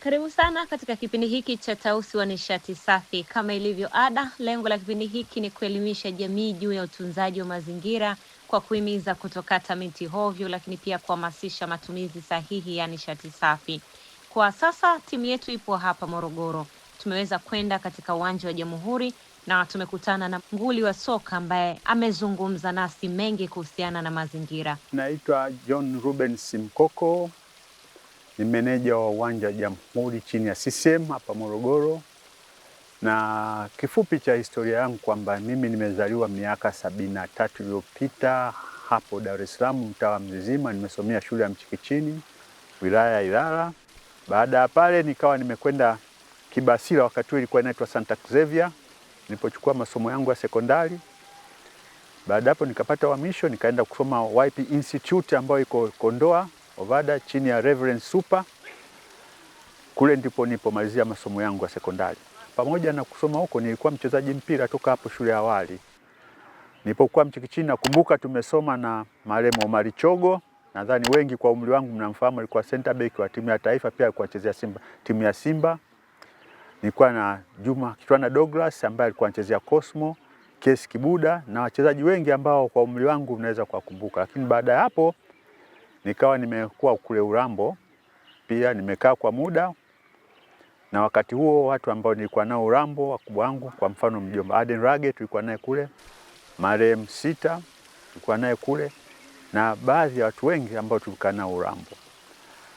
Karibu sana katika kipindi hiki cha Tausi wa Nishati Safi. Kama ilivyo ada, lengo la kipindi hiki ni kuelimisha jamii juu ya utunzaji wa mazingira kwa kuhimiza kutokata miti hovyo, lakini pia kuhamasisha matumizi sahihi ya nishati safi. Kwa sasa timu yetu ipo hapa Morogoro, tumeweza kwenda katika uwanja wa Jamhuri na tumekutana na nguli wa soka ambaye amezungumza nasi mengi kuhusiana na mazingira. Naitwa John Ruben Simkoko, ni meneja wa uwanja wa Jamhuri chini ya CCM hapa Morogoro, na kifupi cha historia yangu kwamba mimi nimezaliwa miaka sabini na tatu iliyopita hapo Dar es Salaam, mtaa wa Mzizima. Nimesomea shule ya Mchikichini wilaya ya Ilala. Baada ya pale nikawa nimekwenda Kibasila, wakati huo ilikuwa inaitwa Santa Xavier, nilipochukua masomo yangu ya sekondari. Baada hapo nikapata uhamisho nikaenda kusoma YP Institute ambayo iko Kondoa Ovada chini ya Reverend Super. Kule ndipo nilipomalizia masomo yangu ya sekondari. Pamoja na kusoma huko, nilikuwa mchezaji mpira toka hapo shule ya awali. Nilipokuwa mchikichini, nakumbuka tumesoma na Maremo Omari Chogo, nadhani wengi kwa umri wangu mnamfahamu, alikuwa center back wa timu ya taifa, pia alikuwa anachezea Simba, timu ya Simba. Nilikuwa na Juma Kitwana Douglas ambaye alikuwa anachezea Cosmo, Kesi Kibuda na wachezaji wengi ambao kwa umri wangu unaweza kuwakumbuka, lakini baada ya hapo nikawa nimekuwa kule Urambo pia nimekaa kwa muda, na wakati huo watu ambao nilikuwa nao Urambo, wakubwa wangu, kwa mfano mjomba Aden Rage tulikuwa naye kule, marehemu Sita tulikuwa naye kule, na baadhi ya watu wengi ambao tulikaa nao Urambo.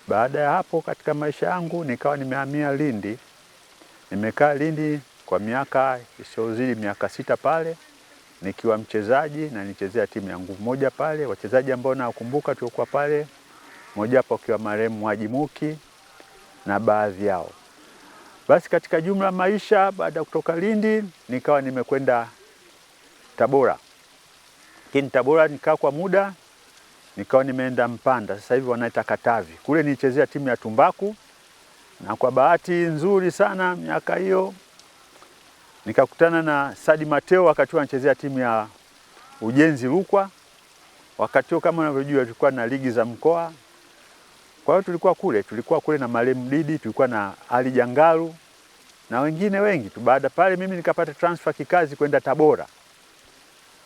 Baada ya hapo, katika maisha yangu nikawa nimehamia Lindi, nimekaa Lindi kwa miaka isiyozidi miaka sita pale nikiwa mchezaji na nichezea timu ya nguvu moja pale. Wachezaji ambao nawakumbuka tuliokuwa pale, hapo akiwa marehemu Wajimuki na baadhi yao. Basi katika jumla maisha, baada ya kutoka Lindi nikawa nimekwenda Tabora, lakini Tabora nikaa kwa muda, nikawa nimeenda Mpanda, sasa hivi wanaita Katavi. Kule nilichezea timu ya tumbaku, na kwa bahati nzuri sana miaka hiyo Nikakutana na Sadi Mateo wakati anachezea timu ya Ujenzi Rukwa. Wakati kama unavyojua, tulikuwa na ligi za mkoa. Kwa hiyo tulikuwa kule, tulikuwa kule na Malem Didi, tulikuwa na Ali Jangaru na wengine wengi tu. Baada pale mimi nikapata transfer kikazi kwenda Tabora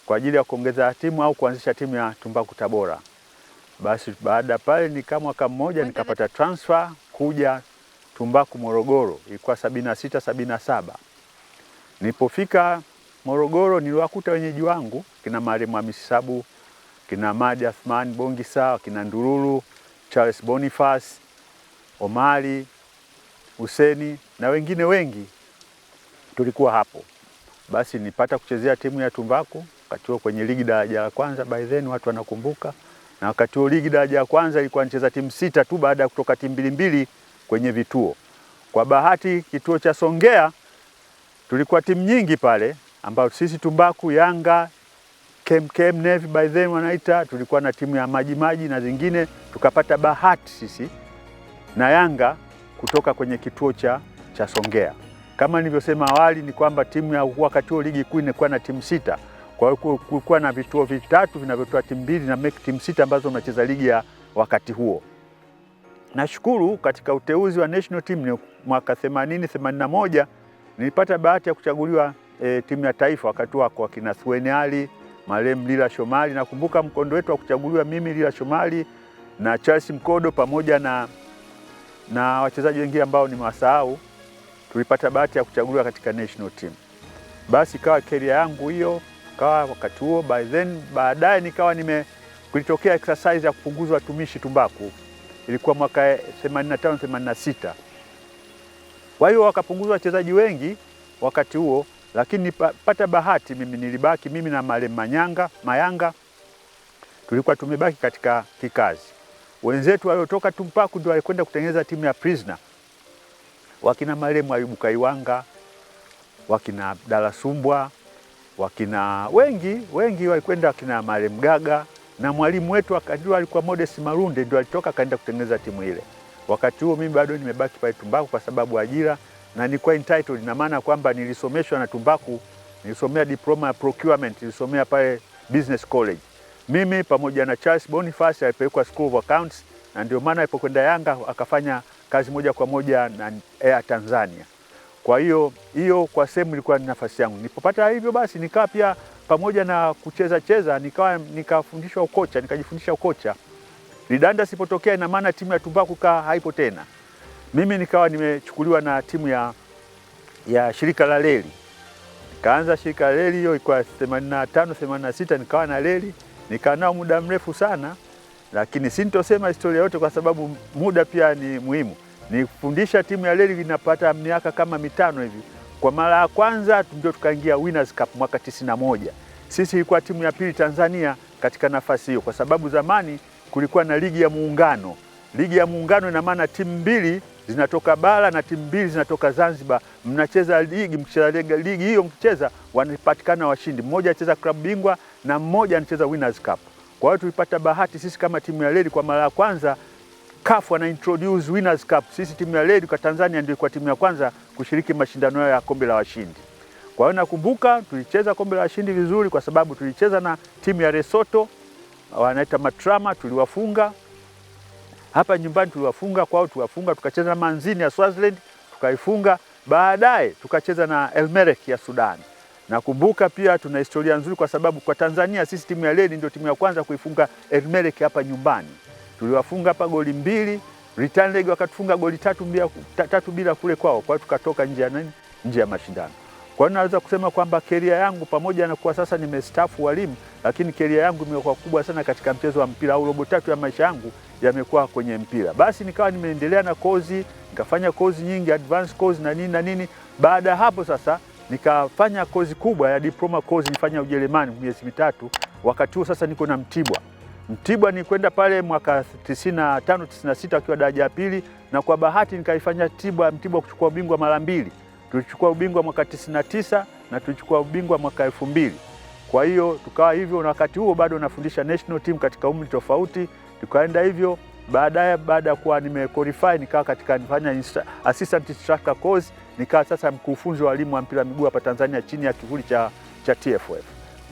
kwa ajili ya kuongeza timu au kuanzisha timu ya tumbaku Tabora. Basi baada pale nika mwaka mmoja nikapata transfer kuja tumbaku Morogoro, ilikuwa sabini na sita sabini na saba Nilipofika Morogoro niliwakuta wenyeji wangu kina Mariam Hamisi Sabu, kina Madi Athman Bongisa, kina Ndururu Charles, Boniface Omari, Huseni na wengine wengi tulikuwa hapo. Basi nipata kuchezea timu ya Tumbaku wakati huo kwenye ligi daraja la kwanza, by then watu wanakumbuka, na wakati huo ligi daraja la kwanza ilikuwa nicheza timu sita tu baada ya kutoka timu mbili mbili kwenye vituo. Kwa bahati kituo cha Songea tulikuwa timu nyingi pale ambayo sisi Tumbaku, Yanga, KMKM, Navy by then wanaita, tulikuwa na timu ya majimaji na zingine. Tukapata bahati sisi na Yanga kutoka kwenye kituo cha, cha Songea. Kama nilivyosema awali ni kwamba timu ya wakati huo ligi kuu inakuwa na timu sita, kwa hiyo kulikuwa na vituo vitatu vinavyotoa timu mbili na make timu sita ambazo unacheza ligi ya wakati huo. Nashukuru katika uteuzi wa national team ni mwaka 80 81 Nilipata bahati ya kuchaguliwa e, timu ya taifa wakati wako akina Sueni Ali, Marehemu Lila Shomali. Nakumbuka mkondo wetu wa kuchaguliwa mimi, Lila Shomali na Charles Mkodo pamoja na, na wachezaji wengine ambao nimewasahau, tulipata bahati ya kuchaguliwa katika national team. Basi ikawa keria yangu hiyo, kawa wakati huo. By then baadaye nikawa nime kulitokea exercise ya kupunguza watumishi tumbaku, ilikuwa mwaka 85 eh, 86 kwa hiyo wakapunguza wachezaji wengi wakati huo, lakini pata bahati mimi nilibaki, mimi na Male Manyanga Mayanga tulikuwa tumebaki katika kikazi. Wenzetu waliotoka Tumpaku ndio walikwenda kutengeneza timu ya Prisoner, wakina Malemu Ayubu Kaiwanga, wakina Abdala Sumbwa, wakina wengi wengi walikwenda, wakina Malemu Gaga na mwalimu wetu wakajua alikuwa Modest Marunde, ndio alitoka akaenda kutengeneza timu ile. Wakati huo mimi bado nimebaki pale tumbaku kwa sababu ajira na kwa entitled, na maana kwamba nilisomeshwa na tumbaku, nilisomea diploma ya procurement, nilisomea pale business college mimi pamoja na Charles Boniface alipelekwa School of Accounts, na ndio maana alipokwenda Yanga akafanya kazi moja kwa moja na Air Tanzania. Kwa hiyo hiyo kwa sehemu ilikuwa ni nafasi yangu. Nilipopata hivyo basi, nikaa pia pamoja na kucheza cheza, nikawa nikafundishwa ukocha, nikajifundisha ukocha. Ridanda isipotokea, ina maana timu ya tumbaku kaa haipo tena. Mimi nikawa nimechukuliwa na timu ya, ya shirika la reli, nikaanza shirika la reli hiyo ilikuwa 85 86, nikawa na reli nikaa nao muda mrefu sana, lakini sintosema historia yote kwa sababu muda pia ni muhimu. Nifundisha timu ya reli inapata miaka kama mitano hivi. Kwa mara ya kwanza ndio tukaingia Winners Cup mwaka 91. Sisi ilikuwa timu ya pili Tanzania katika nafasi hiyo, kwa sababu zamani kulikuwa na ligi ya muungano. Ligi ya muungano ina maana timu mbili zinatoka bara na timu mbili zinatoka Zanzibar, mnacheza ligi. Mkicheza ligi hiyo, mkicheza wanapatikana washindi, mmoja anacheza klabu bingwa na mmoja anacheza Winners Cup. Kwa hiyo tulipata bahati sisi kama timu ya reli kwa mara ya kwanza CAF wana introduce Winners Cup. Sisi timu ya reli kwa Tanzania ndio kwa timu ya kwanza kushiriki mashindano ya kombe la washindi. Kwa hiyo nakumbuka tulicheza kombe la washindi vizuri, kwa sababu tulicheza na timu ya Lesotho wanaita matrama, tuliwafunga hapa nyumbani, tuliwafunga kwao, tuliwafunga tukacheza na Manzini ya Swaziland tukaifunga, baadaye tukacheza na Elmerek ya Sudan. Nakumbuka pia tuna historia nzuri kwa sababu kwa Tanzania sisi timu ya Leni ndio timu ya kwanza kuifunga Elmerek hapa nyumbani. Tuliwafunga hapa goli mbili, Return Leg wakatufunga goli tatu, mbia, tatu bila kule kwao, kwa hiyo tukatoka nje ya nini, nje ya mashindano. Kwa hiyo naweza kusema kwamba keria yangu pamoja na kuwa sasa nimestafu walimu, lakini keria yangu imekuwa kubwa sana katika mchezo wa mpira, au robo tatu ya maisha yangu yamekuwa kwenye mpira. Basi nikawa nimeendelea na kozi, nikafanya kozi nyingi, advance kozi na nini na nini. Baada ya hapo sasa nikafanya kozi kubwa ya diploma kozi nifanya Ujerumani miezi mitatu. Wakati huo sasa niko na Mtibwa. Mtibwa nikwenda pale mwaka 95 96 akiwa daraja ya pili, na kwa bahati nikaifanya Tibwa Mtibwa kuchukua ubingwa mara mbili Tulichukua ubingwa mwaka 99 na tulichukua ubingwa mwaka 2000. Kwa hiyo tukawa hivyo, na wakati huo bado nafundisha national team katika umri tofauti, tukaenda hivyo baadaye. Baada ya kuwa nimequalify, nikawa katika nifanya assistant instructor course, nikawa sasa mkufunzi wa walimu wa mpira miguu hapa Tanzania chini ya kivuli cha, cha TFF.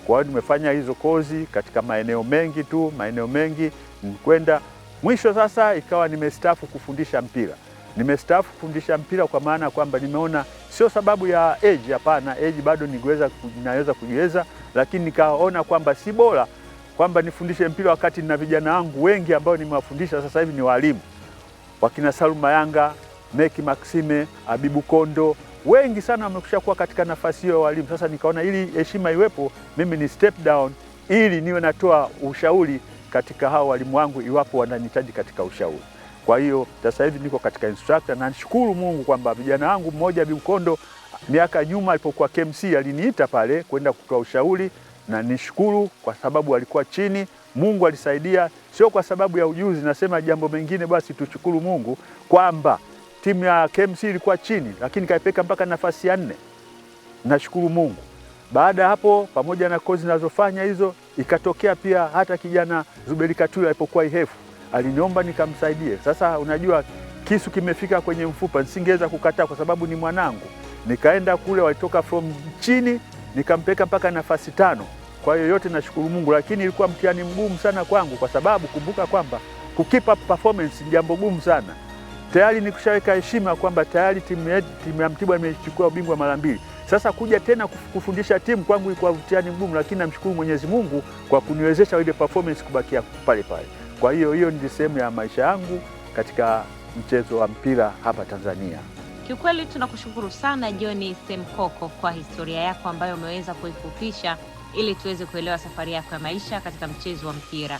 Kwa hiyo nimefanya hizo kozi katika maeneo mengi tu, maeneo mengi nikwenda mwisho, sasa ikawa nimestaafu kufundisha mpira. Nimestaafu kufundisha mpira kwa maana kwamba nimeona sio sababu ya age, hapana, age bado niweza, naweza kujiweza, lakini nikaona kwamba si bora kwamba nifundishe mpira wakati nina vijana wangu wengi ambao nimewafundisha sasa hivi ni walimu, wakina Saluma Yanga, Meki Maxime, Abibu Kondo, wengi sana wamekusha kuwa katika nafasi hiyo ya walimu. Sasa nikaona ili heshima iwepo, mimi ni step down ili niwe natoa ushauri katika hao walimu wangu iwapo wananihitaji katika ushauri. Kwa hiyo sasa hivi niko katika instructor na nishukuru Mungu kwamba vijana wangu mmoja Bimkondo miaka nyuma alipokuwa KMC aliniita pale kwenda kutoa ushauri, na nishukuru kwa sababu alikuwa chini, Mungu alisaidia, sio kwa sababu ya ujuzi. Nasema jambo mengine, basi tushukuru Mungu kwamba timu ya KMC ilikuwa chini, lakini kaipeka mpaka nafasi ya nne. Nashukuru Mungu. Baada ya hapo, pamoja na kozi zinazofanya hizo, ikatokea pia hata kijana Zuberi Katuli alipokuwa Ihefu aliniomba nikamsaidie. Sasa unajua kisu kimefika kwenye mfupa, nisingeweza kukataa kwa sababu ni mwanangu. Nikaenda kule, walitoka from chini, nikampeka mpaka nafasi tano. Kwa hiyo yote nashukuru Mungu, lakini ilikuwa mtihani mgumu sana kwangu, kwa sababu kumbuka kwamba kukipa performance ni jambo gumu sana. Tayari nikushaweka heshima kwamba tayari timu yetu, timu ya Mtibwa imechukua ubingwa mara mbili. Sasa kuja tena kufundisha timu kwangu ilikuwa mtihani mgumu, lakini namshukuru Mwenyezi Mungu kwa kuniwezesha ile performance kubakia pale pale. Kwa hiyo hiyo ni sehemu ya maisha yangu katika mchezo wa mpira hapa Tanzania. Kiukweli tunakushukuru sana John Semkoko kwa historia yako ambayo umeweza kuifupisha ili tuweze kuelewa safari yako ya maisha katika mchezo wa mpira.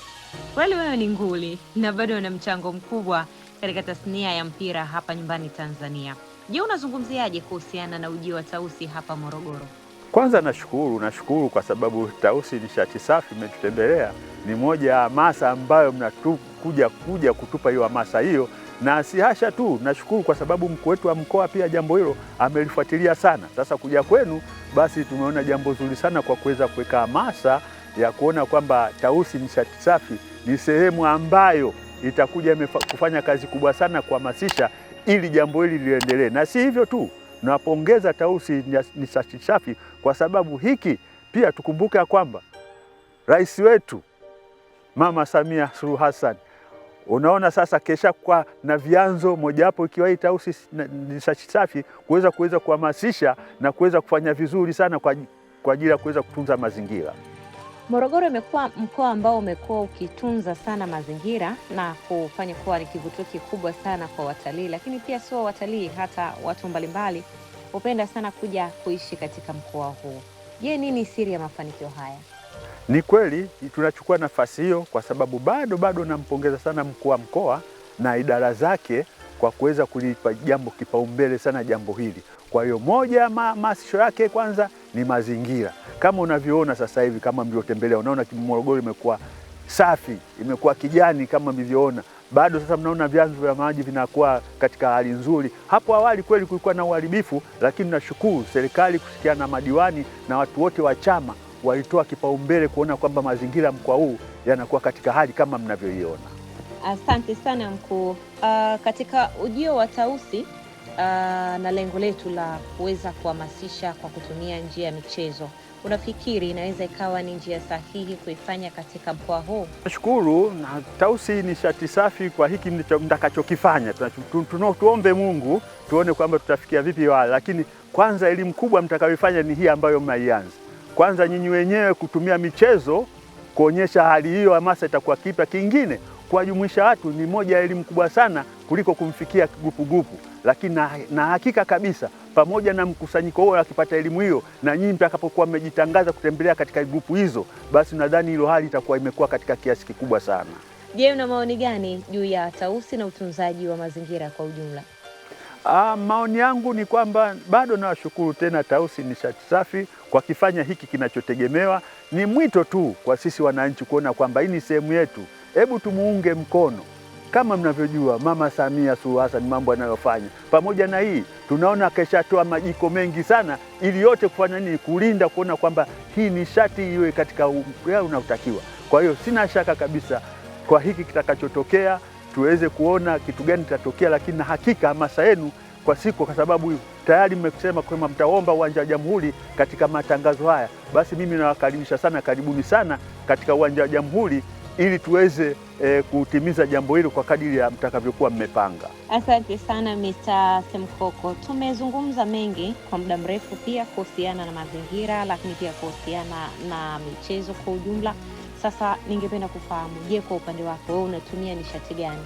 Kweli wewe ni nguli na bado una mchango mkubwa katika tasnia ya mpira hapa nyumbani Tanzania. Je, unazungumziaje kuhusiana na ujio wa Tausi hapa Morogoro? Kwanza nashukuru, nashukuru kwa sababu Tausi ni shati safi imetutembelea ni moja ya hamasa ambayo mnakuja kuja kutupa hiyo hamasa hiyo, na si hasha tu. Nashukuru kwa sababu mkuu wetu wa mkoa pia jambo hilo amelifuatilia sana. Sasa kuja kwenu, basi tumeona jambo zuri sana kwa kuweza kuweka hamasa ya kuona kwamba Tausi Nishati Safi ni sehemu ambayo itakuja kufanya kazi kubwa sana kuhamasisha ili jambo hili liendelee. Na si hivyo tu, napongeza Tausi Nishati Safi kwa sababu hiki pia tukumbuke ya kwamba rais wetu Mama Samia Suluhu Hassan. Unaona sasa kesha kwa na vyanzo mojawapo ikiwa hii Tausi Nishati Safi kuweza kuweza kuhamasisha na kuweza kufanya vizuri sana kwa kwa ajili ya kuweza kutunza mazingira. Morogoro imekuwa mkoa ambao umekuwa ukitunza sana mazingira na kufanya kuwa ni kivutio kikubwa sana kwa watalii, lakini pia sio watalii, hata watu mbalimbali hupenda sana kuja kuishi katika mkoa huu. Je, nini siri ya mafanikio haya? Ni kweli tunachukua nafasi hiyo kwa sababu bado bado nampongeza sana mkuu wa mkoa na idara zake kwa kuweza kulipa jambo kipaumbele sana jambo hili. Kwa hiyo moja ya ma, maasisho yake kwanza ni mazingira, kama unavyoona sasa hivi, kama mliotembelea, unaona Morogoro imekuwa safi, imekuwa kijani kama mlivyoona. Bado sasa mnaona vyanzo vya maji vinakuwa katika hali nzuri. Hapo awali kweli kulikuwa na uharibifu, lakini nashukuru serikali kusikia na madiwani na watu wote wa chama walitoa kipaumbele kuona kwamba mazingira mkoa huu yanakuwa katika hali kama mnavyoiona. Asante sana mkuu. Uh, katika ujio wa Tausi uh, na lengo letu la kuweza kuhamasisha kwa kutumia njia ya michezo, unafikiri inaweza ikawa ni njia sahihi kuifanya katika mkoa huu? Nashukuru na Tausi ni shati safi kwa hiki mtakachokifanya. Tuombe Mungu tuone kwamba tutafikia vipi wala, lakini kwanza elimu kubwa mtakayoifanya ni hii ambayo mnaianza kwanza nyinyi wenyewe kutumia michezo kuonyesha hali hiyo, hamasa itakuwa kipya. Kingine, kuwajumuisha watu ni moja ya elimu kubwa sana kuliko kumfikia gupugupu, lakini na, na hakika kabisa pamoja na mkusanyiko huo akipata elimu hiyo, na nyinyi mtakapokuwa mmejitangaza kutembelea katika grupu hizo, basi nadhani hilo hali itakuwa imekuwa katika kiasi kikubwa sana. Je, una maoni gani juu ya tausi na utunzaji wa mazingira kwa ujumla? Ah, maoni yangu ni kwamba bado nawashukuru tena Tausi Nishati Safi kwa kifanya hiki kinachotegemewa. Ni mwito tu kwa sisi wananchi kuona kwamba hii ni sehemu yetu, hebu tumuunge mkono. Kama mnavyojua Mama Samia Suluhu Hassan mambo anayofanya, pamoja na hii tunaona akishatoa majiko mengi sana, ili yote kufanya nini? Kulinda, kuona kwamba hii nishati iwe katika umbea unaotakiwa. Kwa hiyo sina shaka kabisa kwa hiki kitakachotokea tuweze kuona kitu gani kitatokea, lakini na hakika hamasa yenu kwa siku, kwa sababu tayari mmesema kwamba mtaomba uwanja wa Jamhuri katika matangazo haya, basi mimi nawakaribisha sana, karibuni sana katika uwanja wa Jamhuri ili tuweze e, kutimiza jambo hilo kwa kadiri ya mtakavyokuwa mmepanga. Asante sana Mr. Semkoko, tumezungumza mengi kwa muda mrefu, pia kuhusiana na mazingira, lakini pia kuhusiana na michezo kwa ujumla. Sasa ningependa kufahamu, je, kwa upande wako wewe unatumia nishati gani?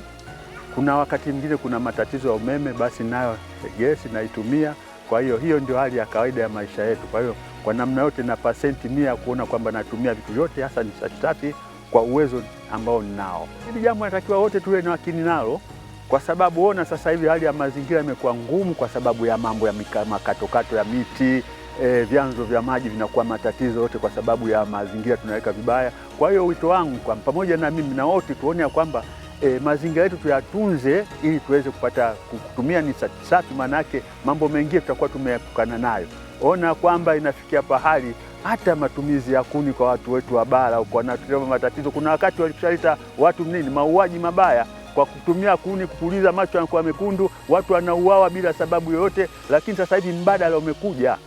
Kuna wakati mwingine kuna matatizo ya umeme, basi nayo gesi naitumia. Kwa hiyo hiyo ndio hali ya kawaida ya maisha yetu. Kwa hiyo kwa namna yote na pasenti mia kuona kwamba natumia vitu vyote, hasa nishati safi kwa uwezo ambao ninao. Hili jambo natakiwa wote tuwe na akili nalo, kwa sababu ona, sasa hivi hali ya mazingira imekuwa ngumu kwa sababu ya mambo ya makatokato ya miti e, vyanzo vya maji vinakuwa matatizo yote kwa sababu ya mazingira tunaweka vibaya. Kwa hiyo wito wangu kwa pamoja na mimi na wote tuone ya kwamba e, mazingira yetu tuyatunze ili tuweze kupata kutumia ni safi, maanake mambo mengine tutakuwa tumeepukana nayo. Ona kwamba inafikia pahali hata matumizi ya kuni kwa watu wetu wa bara wanatuleta matatizo. Kuna wakati walishaleta watu nini, mauaji mabaya kwa kutumia kuni kupuliza, macho yanakuwa mekundu, watu wanauawa bila sababu yoyote. Lakini sasa hivi mbadala umekuja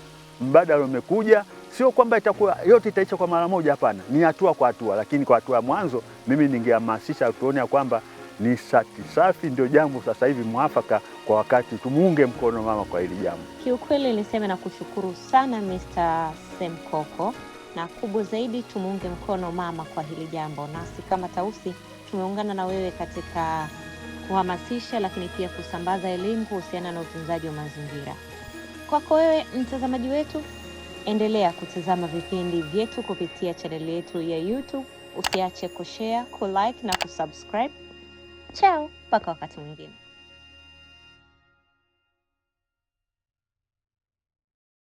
mbadala umekuja, sio kwamba itakuwa yote itaisha kwa mara moja, hapana, ni hatua kwa hatua. Lakini kwa hatua ya mwanzo, mimi ningehamasisha tuone ya kwamba ni sati safi ndio jambo sasa hivi mwafaka kwa wakati, tumuunge mkono mama kwa hili jambo. Kiukweli niseme na kushukuru sana Mr. Semkoko, na kubwa zaidi tumuunge mkono mama kwa hili jambo. Nasi kama Tausi tumeungana na wewe katika kuhamasisha, lakini pia kusambaza elimu kuhusiana na utunzaji wa mazingira. Kwako wewe mtazamaji wetu, endelea kutazama vipindi vyetu kupitia chaneli yetu ya YouTube. Usiache kushare, kulike na kusubscribe. Chao, mpaka wakati mwingine.